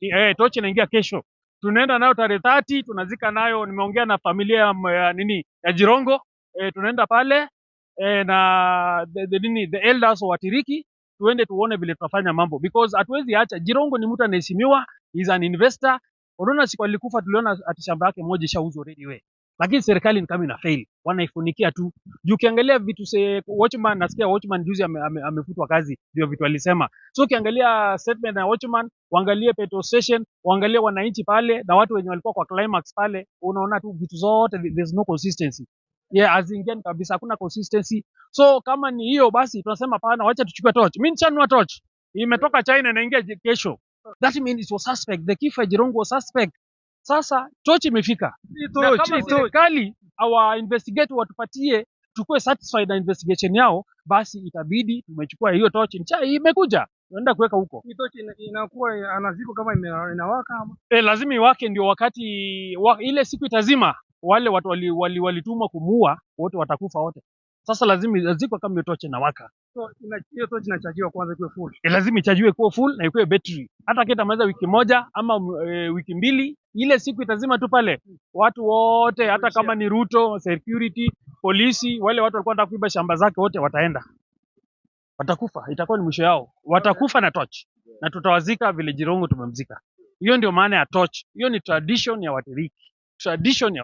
eh, tochi inaingia kesho, tunaenda nayo tarehe 30 tunazika nayo. Nimeongea na familia ya nini ya Jirongo eh, tunaenda pale eh, na the, the, nini the elders Tiriki tuende tuone vile tutafanya mambo because hatuwezi acha. Jirongo ni mtu anaheshimiwa, is an investor. Unaona siku alikufa tuliona ati shamba yake moja ishauzwa already we lakini serikali ni kama ina fail, wanaifunikia tu juu. Ukiangalia vitu se Watchman, nasikia Watchman juzi amefutwa ame ame kazi ndio vitu alisema. So ukiangalia statement ya Watchman, waangalie petrol station, waangalie wananchi pale na watu wenye walikuwa kwa climax pale, unaona tu vitu zote, there's no consistency yeah, azingia kabisa, hakuna consistency. So kama ni hiyo basi, tunasema pana, wacha tuchukue torch. Mimi nichanua torch imetoka China inaingia kesho, that means it was suspect, the Kifa Jirongo was suspect sasa tochi imefika, na kama serikali awa investigate watupatie tukue satisfied na investigation yao, basi itabidi tumechukua hiyo tochi. Ncha imekuja tunaenda kuweka huko. Hii tochi inakuwa anaziko kama inawaka ama eh, lazima iwake, ndio wakati wa, ile siku itazima, wale watu walitumwa wali, wali kumuua wote watakufa wote. Sasa lazima izikwe kama hiyo tochi inawaka. So, hiyo tochi inachajiwa kwanza ikiwe full. e, lazima ichajiwe kuwa full na ikuwe battery. Hata kama wiki moja ama e, wiki mbili ile siku itazima tu pale hmm. watu wote, hata kama ni Ruto, security, polisi, wale watu walikuwa wanataka kuiba shamba zake, wote wataenda, watakufa, itakuwa ni mwisho yao, watakufa na torch, na tutawazika vile Jirongo tumemzika. Hiyo ndio maana ya torch, hiyo ni tradition ya Watiriki, tradition ya